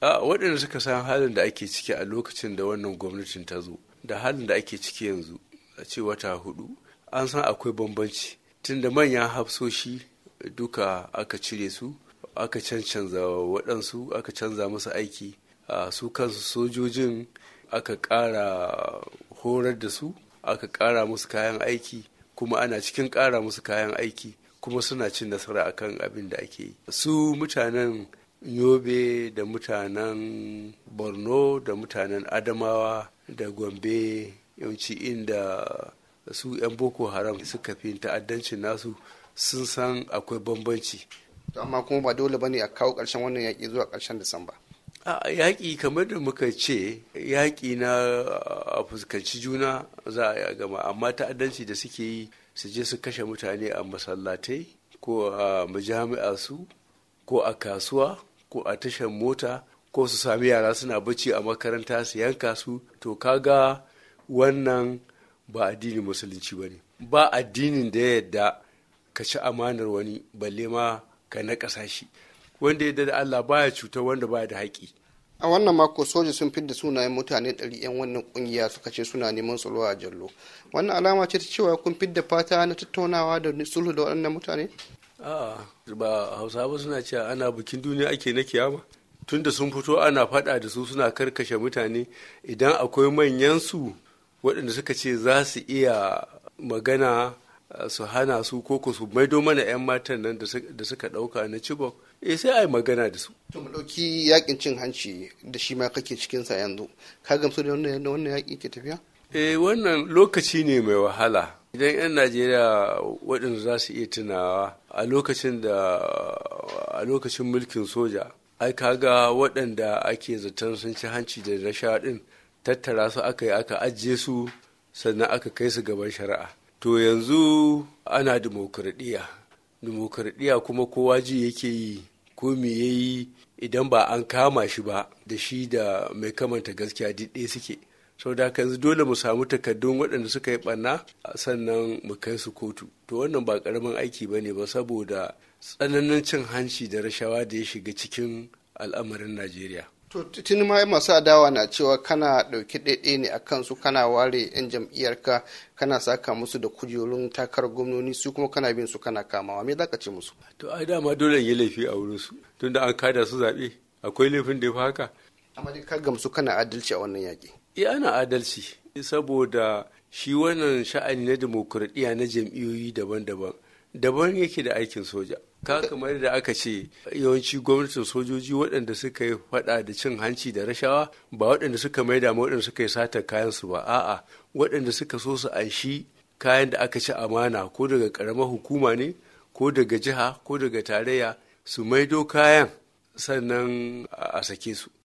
a waɗanda suka san halin da ake ciki a lokacin da wannan gwamnatin ta zo da halin da ake ciki yanzu a ce wata hudu an san akwai bambanci tunda manyan hafsoshi duka aka cire su aka cancanza waɗansu aka canza musu aiki su kansu sojojin aka ƙara horar da su aka ƙara musu kayan aiki kuma ana cikin ƙara musu kayan aiki kuma suna cin nasara akan abin da ake yi su mutanen yobe da mutanen borno da mutanen adamawa da gombe yawanci inda su 'yan boko haram suka fi ta'addancin nasu sun san akwai bambanci amma kuma ba dole ba ne a kawo ƙarshen wannan yaƙi zuwa ƙarshen disamba a yaƙi kamar da muka ce yaƙi na a fuskanci juna za a gama amma ta'addanci da suke yi su je su kashe mutane a masallatai ko a majami'a su ko a kasuwa ko a tashar mota ko su sami yara suna bacci a makaranta su yanka su to kaga wannan ba addinin musulunci ba ne ba addinin da ya yadda ka ci amanar wani balle ma ka naƙasa shi wanda ya da Allah baya cuta, wanda baya da haƙi a wannan mako soja sun fidda sunayen mutane 100 'yan wannan ƙungiya suka ce suna neman tsaro a jallo wannan alama ce ta cewa kun fidda fata na tattaunawa da sulhu da waɗannan mutane a'a ba hausawa suna cewa ana bikin duniya ake na kiyama tunda sun fito ana faɗa da su suna karkashe mutane idan akwai manyan su waɗanda suka ce za su iya magana eh, su hana su ko su maido mana 'yan matan nan da suka ɗauka na cibok e eh, sai a yi magana da su. to mu ɗauki yakin cin hanci da shi ma kake cikinsa yanzu ka gamsu da wannan yaƙi ke tafiya? eh wannan lokaci ne mai wahala idan 'yan najeriya waɗanda za su iya tunawa a lokacin da a lokacin mulkin soja ai kaga waɗanda ake zaton sun ci hanci da rasha ɗin tattara su aka yi aka ajiye su sannan aka kai su gaban shari'a to yanzu ana dimokuraɗiyya dimokuraɗiyya kuma kowa ji yake yi ko me ya yi idan ba an kama shi ba da shi da mai kamanta gaskiya duk ɗaya suke da haka yanzu dole mu samu takaddun waɗanda suka yi ɓanna sannan mu kai su kotu to wannan ba ƙaramin aiki ba ne ba saboda tsananin cin hanci da rashawa da ya shiga cikin al'amarin najeriya to tuni ma masu adawa na cewa kana ɗauki ɗaiɗe ne a kansu kana ware 'yan jam'iyyarka kana saka musu da kujerun takarar gwamnoni su kuma kana bin su kana kamawa me zaka ce musu to ai dama dole yi laifi a wurin su tunda an kada su zaɓe akwai laifin da ya fi haka amma gamsu kana adalci a wannan yaƙi iya eh, ana adalci saboda shi wannan sha'ani na demokuraɗiyya na jam'iyyoyi daban-daban daban yake da aikin soja ka kamar da aka ce yawanci gwamnatin sojoji waɗanda suka yi faɗa da cin hanci da rashawa ba waɗanda suka mai da waɗanda suka yi sata kayan su ba a'a waɗanda suka so su anshi kayan da aka ci amana ko daga ƙaramar hukuma ne ko daga jiha ko daga tarayya su maido kayan sannan a sake su